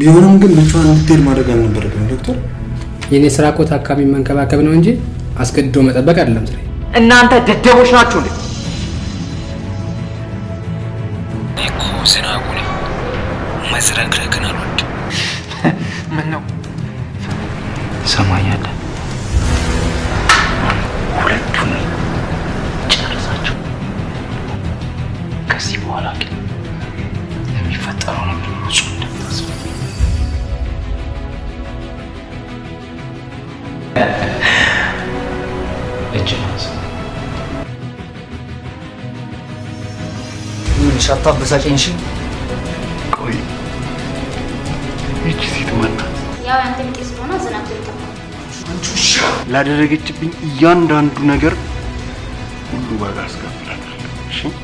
ቢሆንም ግን ብቻዋን እንድትሄድ ማድረግ አልነበረብም ዶክተር። የእኔ ስራ እኮ ታካሚ መንከባከብ ነው እንጂ አስገድዶ መጠበቅ አይደለም ስራ። እናንተ ደደቦች ናችሁ እንዴ? እኮ ዝናቡን መዝረክረክን አልወድ። ምን ነው ሰማያለ ሁለቱን ጨርሳቸው ከዚህ በኋላ ግን እጅ ማንስ ትንሽ አታበሳጨኝሽ። ቆይ ይቺ ሴት መጣ። ያው አንተ ቢጤ ስለሆነ ዝናብ ትልቀማ ላደረገችብኝ እያንዳንዱ ነገር ሁሉ ዋጋ አስከፍላታለሁ። እሺ